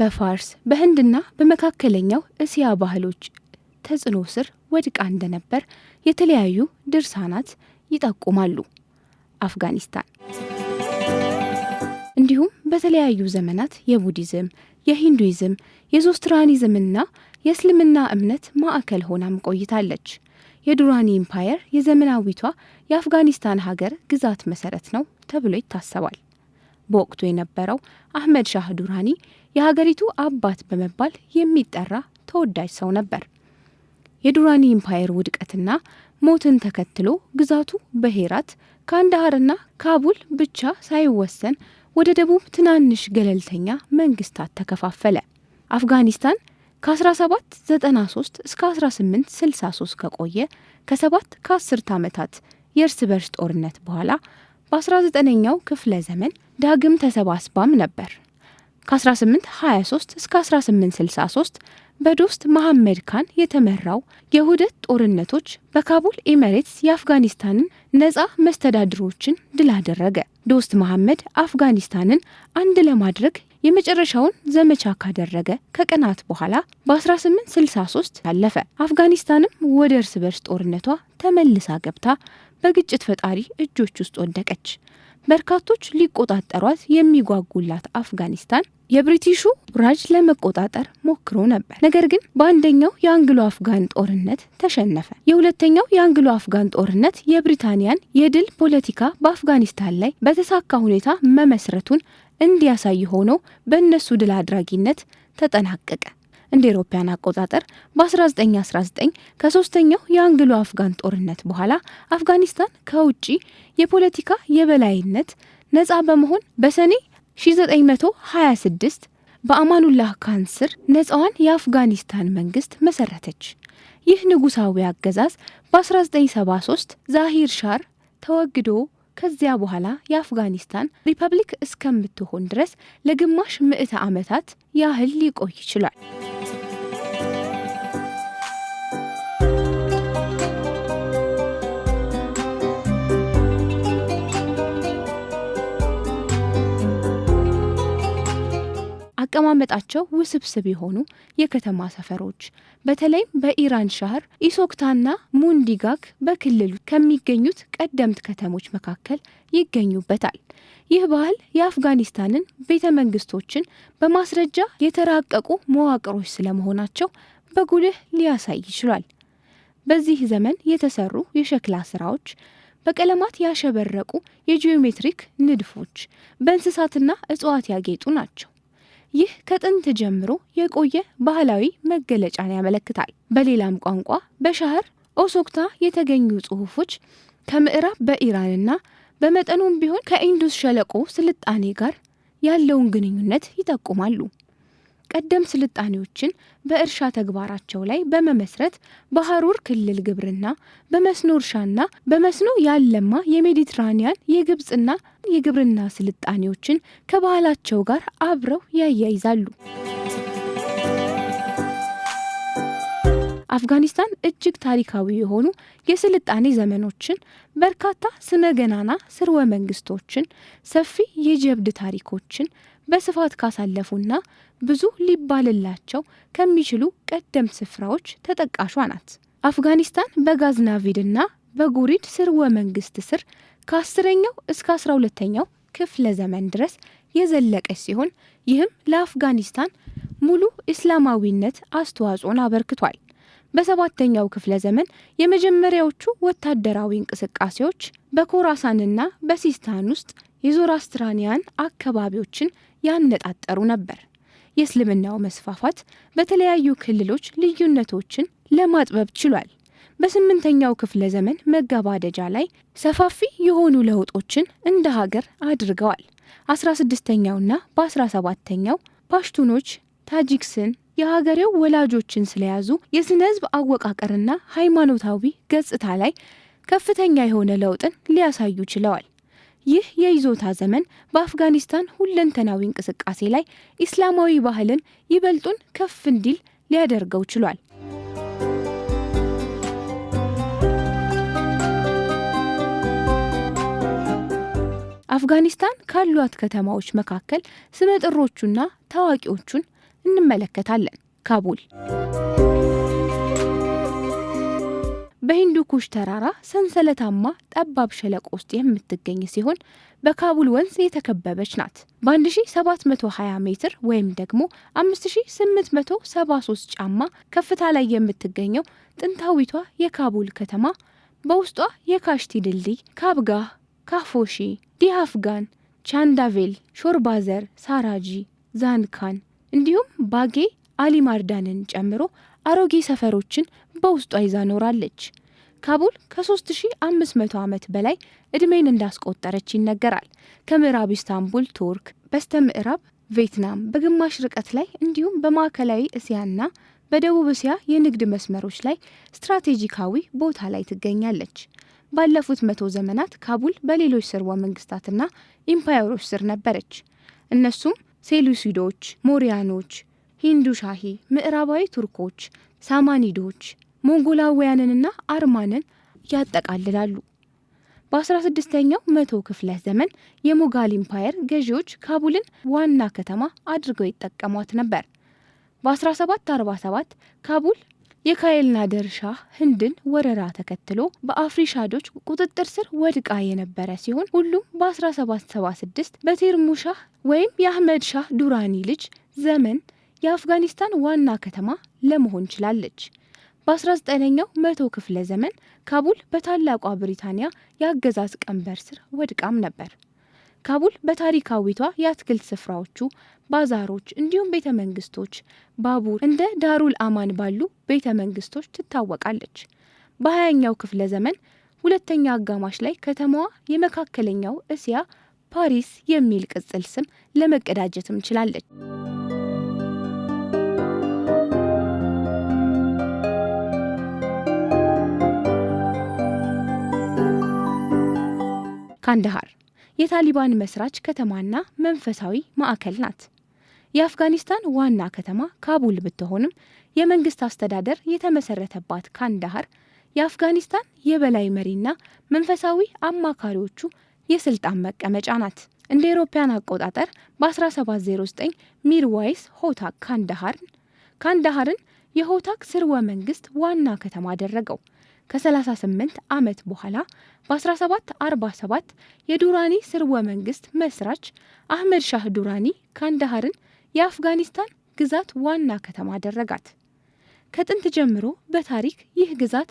በፋርስ በህንድና በመካከለኛው እስያ ባህሎች ተጽዕኖ ስር ወድቃ እንደነበር የተለያዩ ድርሳናት ይጠቁማሉ። አፍጋኒስታን እንዲሁም በተለያዩ ዘመናት የቡዲዝም፣ የሂንዱይዝም፣ የዞስትራኒዝምና የእስልምና እምነት ማዕከል ሆናም ቆይታለች። የዱራኒ ኢምፓየር የዘመናዊቷ የአፍጋኒስታን ሀገር ግዛት መሰረት ነው ተብሎ ይታሰባል። በወቅቱ የነበረው አህመድ ሻህ ዱራኒ የሀገሪቱ አባት በመባል የሚጠራ ተወዳጅ ሰው ነበር። የዱራኒ ኢምፓየር ውድቀትና ሞትን ተከትሎ ግዛቱ በሄራት ካንዳሃርና ካቡል ብቻ ሳይወሰን ወደ ደቡብ ትናንሽ ገለልተኛ መንግስታት ተከፋፈለ። አፍጋኒስታን ከ1793 እስከ 1863 ከቆየ ከ7 ከ10 ዓመታት የእርስ በርስ ጦርነት በኋላ በ19ኛው ክፍለ ዘመን ዳግም ተሰባስባም ነበር። ከ1823 እስከ 1863 በዶስት መሐመድ ካን የተመራው የሁደት ጦርነቶች በካቡል ኤሜሬትስ የአፍጋኒስታንን ነጻ መስተዳድሮችን ድል አደረገ። ዶስት መሐመድ አፍጋኒስታንን አንድ ለማድረግ የመጨረሻውን ዘመቻ ካደረገ ከቀናት በኋላ በ1863 አለፈ። አፍጋኒስታንም ወደ እርስ በርስ ጦርነቷ ተመልሳ ገብታ በግጭት ፈጣሪ እጆች ውስጥ ወደቀች። በርካቶች ሊቆጣጠሯት የሚጓጉላት አፍጋኒስታን የብሪቲሹ ራጅ ለመቆጣጠር ሞክሮ ነበር። ነገር ግን በአንደኛው የአንግሎ አፍጋን ጦርነት ተሸነፈ። የሁለተኛው የአንግሎ አፍጋን ጦርነት የብሪታንያን የድል ፖለቲካ በአፍጋኒስታን ላይ በተሳካ ሁኔታ መመስረቱን እንዲያሳይ ሆኖ በእነሱ ድል አድራጊነት ተጠናቀቀ። እንደ ኤሮፓያን አቆጣጠር በ1919 ከሶስተኛው የአንግሎ አፍጋን ጦርነት በኋላ አፍጋኒስታን ከውጭ የፖለቲካ የበላይነት ነፃ በመሆን በሰኔ 1926 በአማኑላህ ካን ስር ነፃዋን የአፍጋኒስታን መንግስት መሰረተች። ይህ ንጉሳዊ አገዛዝ በ1973 ዛሂር ሻር ተወግዶ ከዚያ በኋላ የአፍጋኒስታን ሪፐብሊክ እስከምትሆን ድረስ ለግማሽ ምዕተ ዓመታት ያህል ሊቆይ ይችላል። አቀማመጣቸው ውስብስብ የሆኑ የከተማ ሰፈሮች በተለይም በኢራን ሻህር ኢሶክታና ሙንዲጋክ በክልሉ ከሚገኙት ቀደምት ከተሞች መካከል ይገኙበታል። ይህ ባህል የአፍጋኒስታንን ቤተ መንግስቶችን በማስረጃ የተራቀቁ መዋቅሮች ስለመሆናቸው በጉልህ ሊያሳይ ይችሏል። በዚህ ዘመን የተሰሩ የሸክላ ስራዎች በቀለማት ያሸበረቁ የጂኦሜትሪክ ንድፎች በእንስሳትና እጽዋት ያጌጡ ናቸው። ይህ ከጥንት ጀምሮ የቆየ ባህላዊ መገለጫን ያመለክታል። በሌላም ቋንቋ በሻህር ኦሶክታ የተገኙ ጽሑፎች ከምዕራብ በኢራንና በመጠኑም ቢሆን ከኢንዱስ ሸለቆ ስልጣኔ ጋር ያለውን ግንኙነት ይጠቁማሉ። ቀደም ስልጣኔዎችን በእርሻ ተግባራቸው ላይ በመመስረት በሀሩር ክልል ግብርና በመስኖ እርሻና በመስኖ ያለማ የሜዲትራኒያን የግብፅና የግብርና ስልጣኔዎችን ከባህላቸው ጋር አብረው ያያይዛሉ። አፍጋኒስታን እጅግ ታሪካዊ የሆኑ የስልጣኔ ዘመኖችን፣ በርካታ ስመ ገናና ስርወ መንግስቶችን፣ ሰፊ የጀብድ ታሪኮችን በስፋት ካሳለፉና ብዙ ሊባልላቸው ከሚችሉ ቀደምት ስፍራዎች ተጠቃሿ ናት። አፍጋኒስታን በጋዝናቪድና በጉሪድ ስርወ መንግስት ስር ከአስረኛው እስከ አስራ ሁለተኛው ክፍለ ዘመን ድረስ የዘለቀች ሲሆን ይህም ለአፍጋኒስታን ሙሉ እስላማዊነት አስተዋጽኦን አበርክቷል። በሰባተኛው ክፍለ ዘመን የመጀመሪያዎቹ ወታደራዊ እንቅስቃሴዎች በኮራሳንና በሲስታን ውስጥ የዞራስትራኒያን አካባቢዎችን ያነጣጠሩ ነበር። የእስልምናው መስፋፋት በተለያዩ ክልሎች ልዩነቶችን ለማጥበብ ችሏል። በስምንተኛው ክፍለ ዘመን መገባደጃ ላይ ሰፋፊ የሆኑ ለውጦችን እንደ ሀገር አድርገዋል። አስራ ስድስተኛውና በአስራ ሰባተኛው ፓሽቱኖች ታጂክስን የሀገሬው ወላጆችን ስለያዙ የስነ ህዝብ አወቃቀርና ሃይማኖታዊ ገጽታ ላይ ከፍተኛ የሆነ ለውጥን ሊያሳዩ ችለዋል። ይህ የይዞታ ዘመን በአፍጋኒስታን ሁለንተናዊ እንቅስቃሴ ላይ ኢስላማዊ ባህልን ይበልጡን ከፍ እንዲል ሊያደርገው ችሏል። አፍጋኒስታን ካሏት ከተማዎች መካከል ስመጥሮቹና ታዋቂዎቹን እንመለከታለን። ካቡል በሂንዱ ኩሽ ተራራ ሰንሰለታማ ጠባብ ሸለቆ ውስጥ የምትገኝ ሲሆን በካቡል ወንዝ የተከበበች ናት። በ1720 ሜትር ወይም ደግሞ 5873 ጫማ ከፍታ ላይ የምትገኘው ጥንታዊቷ የካቡል ከተማ በውስጧ የካሽቲ ድልድይ፣ ካብጋህ፣ ካፎሺ፣ ዲሃፍጋን፣ ቻንዳቬል፣ ሾርባዘር፣ ሳራጂ፣ ዛንካን እንዲሁም ባጌ አሊማርዳንን ጨምሮ አሮጌ ሰፈሮችን በውስጧ ይዛ ኖራለች። ካቡል ከ3500 ዓመት በላይ ዕድሜን እንዳስቆጠረች ይነገራል። ከምዕራብ ኢስታንቡል ቱርክ፣ በስተ ምዕራብ ቪየትናም በግማሽ ርቀት ላይ እንዲሁም በማዕከላዊ እስያና በደቡብ እስያ የንግድ መስመሮች ላይ ስትራቴጂካዊ ቦታ ላይ ትገኛለች። ባለፉት መቶ ዘመናት ካቡል በሌሎች ስርወ መንግስታትና ኢምፓየሮች ስር ነበረች። እነሱም ሴሉሲዶች፣ ሞሪያኖች፣ ሂንዱ ሻሂ፣ ምዕራባዊ ቱርኮች፣ ሳማኒዶች ሞንጎላውያንንና አርማንን ያጠቃልላሉ። በ16ኛው መቶ ክፍለ ዘመን የሞጋል ኢምፓየር ገዢዎች ካቡልን ዋና ከተማ አድርገው ይጠቀሟት ነበር። በ1747 ካቡል የካይል ናደር ሻህ ህንድን ወረራ ተከትሎ በአፍሪሻዶች ቁጥጥር ስር ወድቃ የነበረ ሲሆን ሁሉም በ1776 በቴርሙ ሻህ ወይም የአህመድ ሻህ ዱራኒ ልጅ ዘመን የአፍጋኒስታን ዋና ከተማ ለመሆን ችላለች። በ19ኛው መቶ ክፍለ ዘመን ካቡል በታላቋ ብሪታንያ የአገዛዝ ቀንበር ስር ወድቃም ነበር። ካቡል በታሪካዊቷ የአትክልት ስፍራዎቹ፣ ባዛሮች፣ እንዲሁም ቤተ መንግስቶች፣ ባቡር እንደ ዳሩል አማን ባሉ ቤተ መንግስቶች ትታወቃለች። በ20ኛው ክፍለ ዘመን ሁለተኛ አጋማሽ ላይ ከተማዋ የመካከለኛው እስያ ፓሪስ የሚል ቅጽል ስም ለመቀዳጀትም ችላለች። ካንዳሃር የታሊባን መስራች ከተማና መንፈሳዊ ማዕከል ናት። የአፍጋኒስታን ዋና ከተማ ካቡል ብትሆንም የመንግስት አስተዳደር የተመሰረተባት ካንዳሃር የአፍጋኒስታን የበላይ መሪና መንፈሳዊ አማካሪዎቹ የስልጣን መቀመጫ ናት። እንደ ኤሮፓያን አቆጣጠር በ1709 ሚርዋይስ ሆታክ ካንዳሃርን ካንዳሃርን የሆታክ ስርወ መንግስት ዋና ከተማ አደረገው። ከ38 ዓመት በኋላ በ1747 የዱራኒ ስርወ መንግስት መስራች አህመድ ሻህ ዱራኒ ካንዳሃርን የአፍጋኒስታን ግዛት ዋና ከተማ አደረጋት። ከጥንት ጀምሮ በታሪክ ይህ ግዛት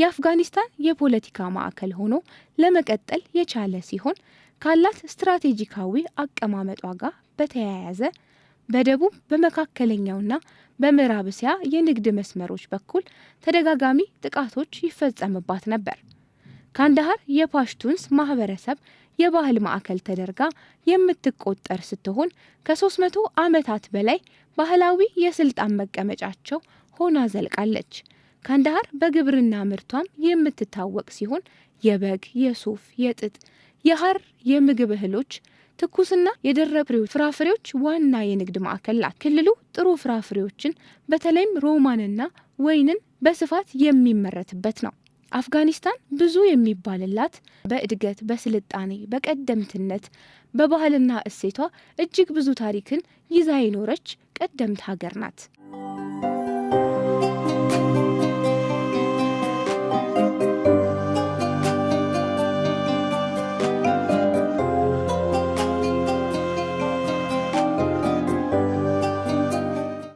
የአፍጋኒስታን የፖለቲካ ማዕከል ሆኖ ለመቀጠል የቻለ ሲሆን ካላት ስትራቴጂካዊ አቀማመጧ ጋር በተያያዘ በደቡብ በመካከለኛውና በምዕራብ እስያ የንግድ መስመሮች በኩል ተደጋጋሚ ጥቃቶች ይፈጸምባት ነበር። ካንዳሃር የፓሽቱንስ ማህበረሰብ የባህል ማዕከል ተደርጋ የምትቆጠር ስትሆን ከ300 ዓመታት በላይ ባህላዊ የስልጣን መቀመጫቸው ሆና ዘልቃለች። ካንዳሃር በግብርና ምርቷም የምትታወቅ ሲሆን የበግ፣ የሱፍ፣ የጥጥ፣ የሐር፣ የምግብ እህሎች ትኩስና የደረቁ ፍራፍሬዎች ዋና የንግድ ማዕከል ናት። ክልሉ ጥሩ ፍራፍሬዎችን በተለይም ሮማንና ወይንን በስፋት የሚመረትበት ነው። አፍጋኒስታን ብዙ የሚባልላት በእድገት፣ በስልጣኔ፣ በቀደምትነት፣ በባህልና እሴቷ እጅግ ብዙ ታሪክን ይዛ የኖረች ቀደምት ሀገር ናት።